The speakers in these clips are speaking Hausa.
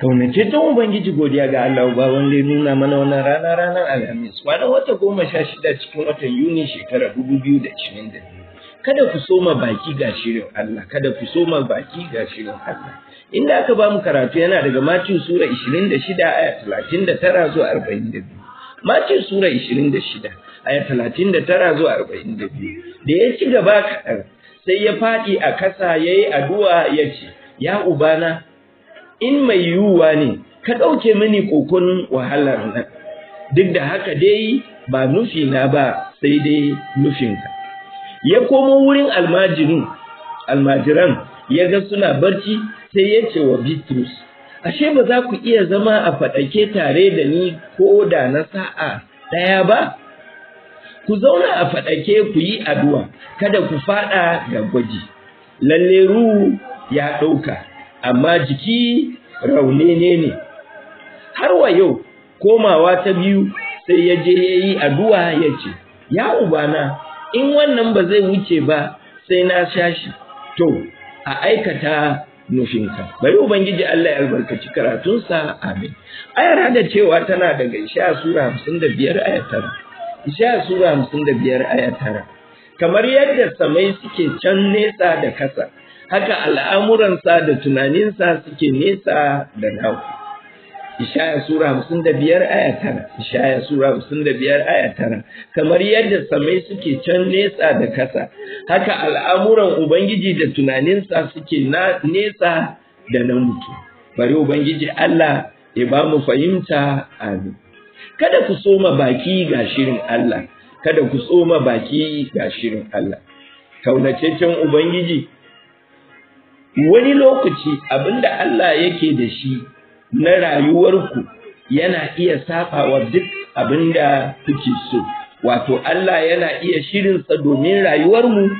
kaunace don ubangiji godiya ga Allah ba wanda ya nuna mana wannan rana ranar alhamis Wani wata goma sha shida cikin watan yuni shekara dubu biyu da ishirin da biyu kada ku soma baki ga shirin Allah kada ku soma baki ga shirin Allah inda aka ba mu karatu yana daga Matthew sura da shida aya tara zuwa arba'in da biyu. Matthew sura da shida aya tara zuwa arba'in da ya ci gaba kaɗan sai ya faɗi a kasa ya yi addu'a ya ce ya ubana in mai yiwuwa ne ka ɗauke mini kokon wahalar nan duk da haka dai ba nufi na ba sai dai nufinka ya komo wurin almajirin almajiran ya ga suna barci sai ya ce wa bitrus ashe ba za ku iya zama a faɗake tare da ni ko da na sa'a ɗaya ba ku zauna a faɗake ku yi addu'a kada ku faɗa ga gwaji lalle ruhu ya ɗauka amma jiki raune ne ne har wa yau komawa ta biyu sai ya je ya yi addu'a ya ce ya ubana in wannan ba zai wuce ba sai na sha shi to a aikata nufinka bari ubangiji Allah ya albarkaci karatunsa amin ayar da cewa tana daga isha sura 55 isha sura 55 kamar yadda samai suke can nesa da kasa haka al'amuransa da tunaninsa suke nesa da naku. ishaya sura hamsin da biyar aya 9, ishaya sura hamsin da biyar aya 9, kamar yadda samai suke can nesa da kasa haka al'amuran ubangiji da tunaninsa suke nesa da na mutu. bari ubangiji allah ya ba mu fahimta amin kada ku soma baki ga shirin allah kada ku tsoma baki ga shirin allah kaunataccen ubangiji wani lokaci abinda Allah yake da shi na rayuwarku yana iya safawa duk abinda kuke so wato Allah yana iya shirinsa domin rayuwarmu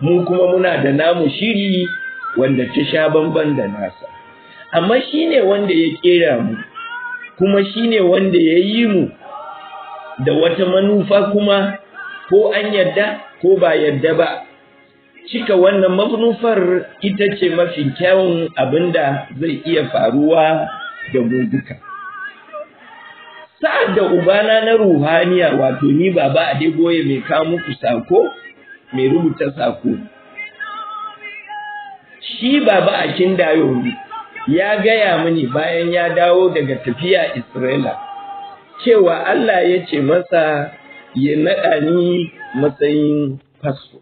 mu kuma muna da namu shiri wanda ta sha bamban da nasa amma shine wanda ya kera mu kuma shine wanda ya yi mu da wata manufa kuma ko an yadda ko ba yadda ba cika wannan manufar ita ce mafi kyawun abin da zai iya faruwa da mu Sa'ad da ubana na ruhaniya wato ni baba ya mai kawo muku sako, mai rubuta sako. Shi baba Akin Dayo ya gaya mini bayan ya dawo daga tafiya Isra'ila, cewa Allah ya ce masa ya naɗa ni matsayin fasto.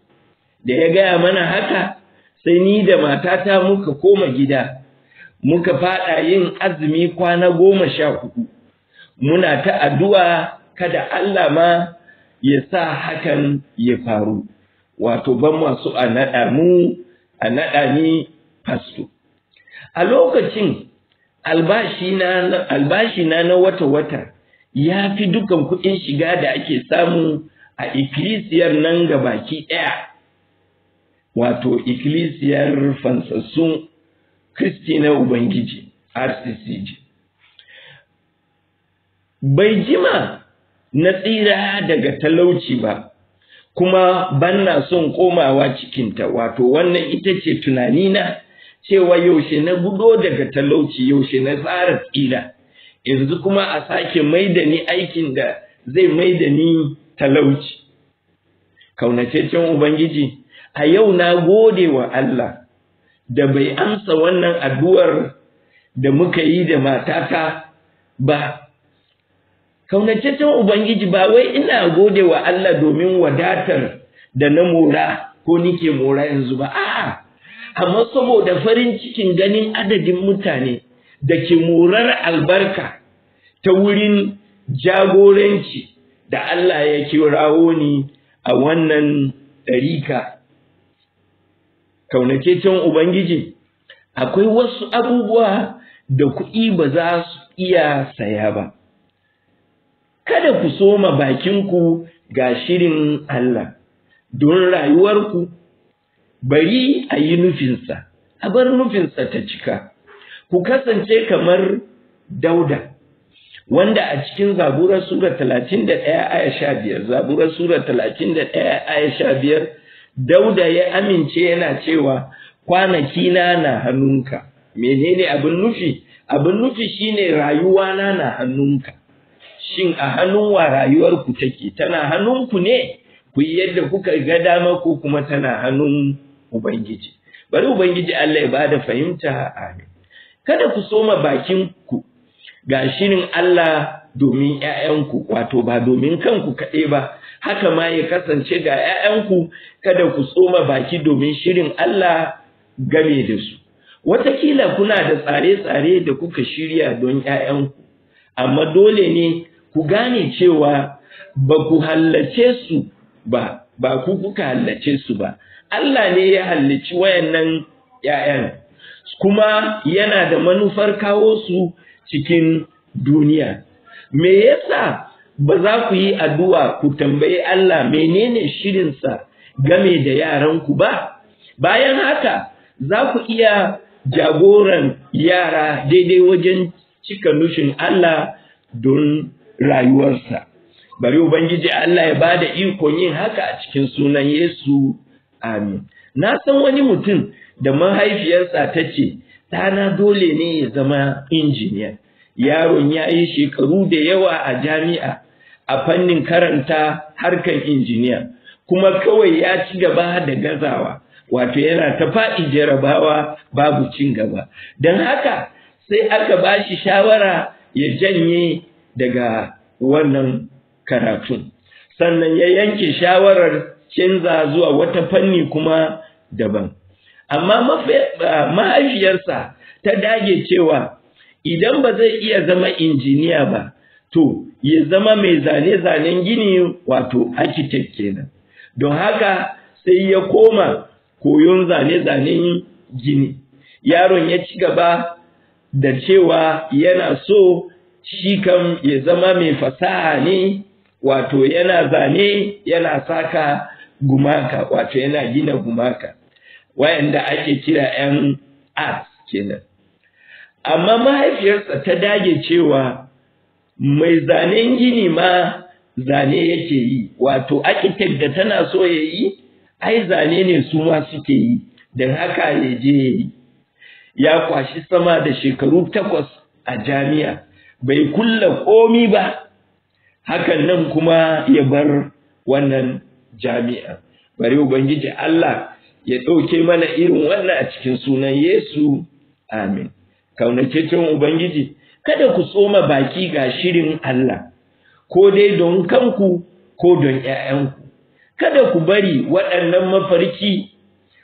da ya gaya mana haka sai ni da matata muka koma gida muka fada yin azumi kwana goma sha hudu muna ta addu'a kada Allah ma ya sa hakan ya faru wato ban masu a naɗa mu a naɗa ni fasto a lokacin albashina na wata-wata ya fi dukan kuɗin shiga da ake samu a ikkilisiyar nan ga baki ɗaya wato ikkilisiyar fansassun kristi na ubangiji rccg bai jima na tsira daga talauci ba kuma banna son komawa cikinta wato wannan ita ce tunanina cewa yaushe na gudo daga talauci yaushe na tsara tsira yanzu kuma a sake maida ni aikin da zai maida ni talauci kaunacecen ubangiji a yau na gode wa Allah da bai amsa wannan addu'ar da muka yi da matata ba kaunataccen ubangiji ba wai ina gode wa Allah domin wadatar da na mora ko nike mora yanzu ba a'a amma saboda farin cikin ganin adadin mutane da ke morar albarka ta wurin jagoranci da Allah ya kirawo ni a wannan ɗarika kaunataccen ubangiji akwai wasu abubuwa da kuɗi ba za su iya saya ba kada ku soma bakinku ga shirin Allah don rayuwarku bari a yi nufinsa a bar nufinsa ta cika ku kasance kamar dauda wanda a cikin zaburar sura 31 aya 15 zaburar sura 31 aya 15 dauda ya amince yana cewa kwanaki na na hannunka menene abin nufi abin nufi shine rayuwa na na hannunka shin a hannun wa rayuwar ku take tana hannunku ne ku yadda kuka ga dama ko kuma tana hannun ubangiji bari ubangiji Allah ya bada fahimta amin kada ku soma bakin ku ga shirin Allah domin ‘ya'yanku, wato ba domin kanku kaɗai ba, haka ma ya kasance ga ‘ya'yanku kada ku tsoma baki domin shirin Allah game da su. Wataƙila kuna da tsare-tsare da kuka shirya don ‘ya'yanku, amma dole ne ku gane cewa ba ku hallace su ba, ba ku kuka hallace su ba. Allah ne ya hallaci wayannan ‘ya'yan, kuma yana da manufar kawo su cikin duniya. me yasa ba za ku yi addu'a ku tambayi Allah menene shirinsa game da yaranku ba bayan haka za ku iya jagoran yara daidai wajen cika nushin Allah don rayuwarsa. Bari Ubangiji Allah ya ba da ikon yin haka a cikin sunan Yesu, amin. Na san wani mutum da mahaifiyarsa ta ce, ɗana dole ne ya zama injiniya. yaron ya yi shekaru da yawa a jami'a a fannin karanta harkan injiniya kuma kawai ya ci gaba da gazawa wato yana ta faɗi jarabawa babu cin gaba don haka sai aka ba shi shawara ya janye daga wannan karatun sannan ya yanke shawarar canza zuwa wata fanni kuma daban amma eh, mahaifiyarsa ta dage cewa idan ba zai iya zama injiniya ba to ya zama mai zane-zanen gini wato architect kenan don haka sai ya koma koyon zane-zanen gini yaron ya ci gaba da cewa yana so shi kam ya zama mai fasaha ne wato yana zane yana saka gumaka wato yana gina gumaka wayanda ake kira 'yan arts kenan amma mahaifiyarsa ta dage cewa mai zanen gini ma zane yake yi wato akitek da tana so ya yi ai zane ne su ma suke yi don haka ya je ya yi ya kwashi sama da shekaru takwas a jami'a bai kulla komi ba hakan nan kuma ya bar wannan jami'a bari ubangiji Allah ya ɗauke mana irin wannan a cikin sunan Yesu amin cin ubangiji kada ku tsoma baki ga shirin Allah ko dai don kanku ko don 'ya'yanku. kada ku bari waɗannan mafarki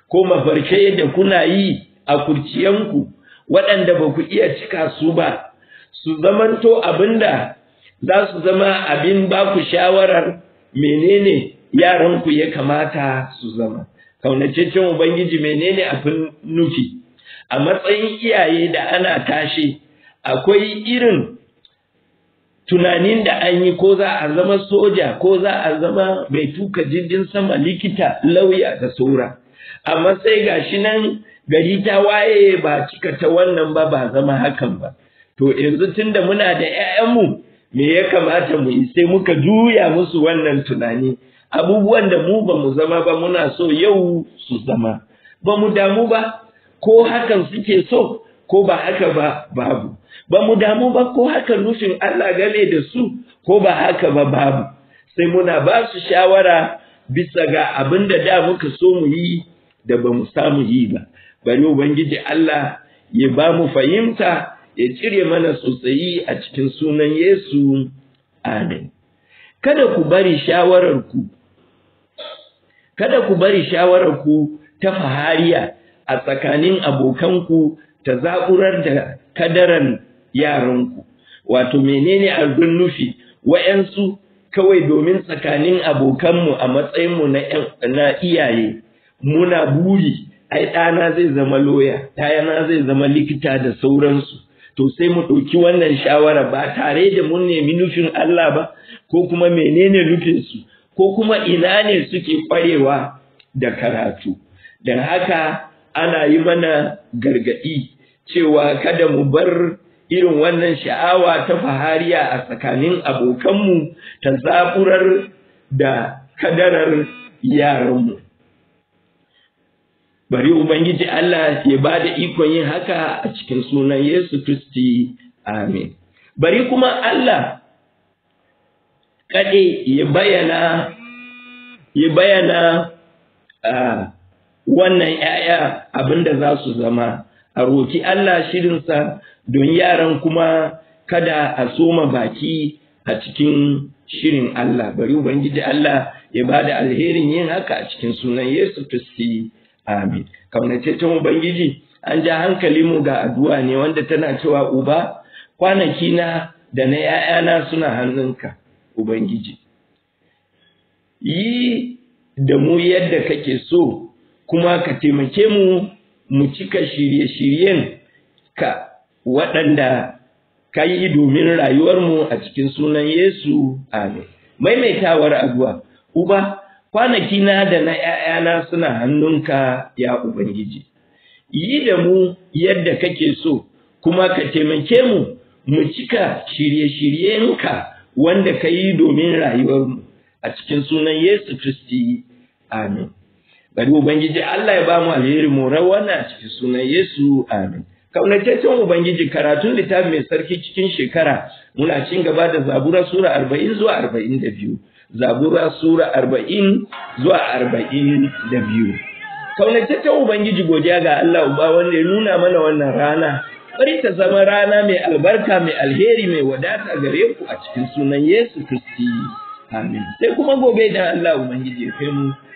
ko mafarkai da kuna yi a kurciyanku waɗanda ba ku iya cika su ba su zamanto abinda za su zama abin ba ku shawarar menene yaranku ya kamata su zama kaunaceccen ubangiji menene abin nufi a matsayin iyaye da ana tashi akwai irin tunanin da an yi ko za a zama soja ko za a zama mai tuka jirgin sama likita lauya da saura amma sai shi nan gari ta waye ba cika ta wannan ba ba zama hakan ba to yanzu tunda muna da 'ya'yanmu me ya kamata mu yi sai muka juya musu wannan tunani abubuwan da mu ba mu zama ba muna so yau su zama ba mu damu ba ko hakan suke so ko ba haka ba babu ba mu damu ba ko haka nufin Allah game da su ko ba haka ba babu sai muna ba su shawara bisa ga abin da da muka so mu yi da ba mu samu yi ba bari ubangiji Allah ya ba mu fahimta ya cire mana sosai a cikin sunan Yesu amin kada ku bari shawararku kada ku bari shawarar ta fahariya a tsakanin abokanku ta zaburar da kadaran yaranku wato menene abin nufi wa'yansu kawai domin tsakanin abokanmu a matsayinmu na iyaye muna buri ai ɗana zai zama loya ɗayana zai zama likita da sauransu to sai mu ɗauki wannan shawara ba tare da mun nemi nufin Allah ba ko kuma menene su ko kuma ina ne suke ƙwarewa da karatu don haka ana yi mana gargaɗi cewa kada mu bar irin wannan sha'awa ta fahariya a tsakanin abokanmu ta zaburar da kadarar yaranmu. Bari Ubangiji Allah ya ba da ikon yin haka a cikin sunan Yesu Kristi, Amin. Bari kuma Allah kaɗe ya bayana, ya ah, wannan ‘ya'ya abin da za su zama, a roki Allah shirinsa don yaran kuma kada a soma baki a cikin shirin Allah, bari Ubangiji Allah ya ba da alherin yin haka a cikin sunan Yesu Kristi. Amin. Kaunataccen Ubangiji, an ja hankali mu ga addu'a ne wanda tana cewa Uba, kwanaki na da na ‘ya'yana suna hannunka, Ubangiji. Yi da mu yadda kake so kuma ka taimake mu mu cika shirye-shiryen ka waɗanda ka yi domin rayuwarmu a cikin sunan Yesu, amin. Maimaitawar addu'a, Uba, kwanaki na da na ‘ya'yana suna hannunka ya Ubangiji, yi da mu yadda kake so, kuma ka taimake mu, mu cika shirye-shiryenka wanda ka yi domin rayuwarmu a cikin sunan Yesu kristi amin. bari ubangiji Allah ya ba mu alheri mu rawana cikin sunan Yesu amin kaunataccen ubangiji karatun littafi mai sarki cikin shekara muna cin gaba da zabura sura arba'in zuwa arba'in da biyu zabura sura arba'in zuwa arba'in da biyu kaunataccen ubangiji godiya ga Allah uba wanda ya nuna mana wannan rana bari ta zama rana mai albarka mai alheri mai wadata gare ku a cikin sunan Yesu Kristi amin sai kuma gobe idan Allah ubangiji ya kai mu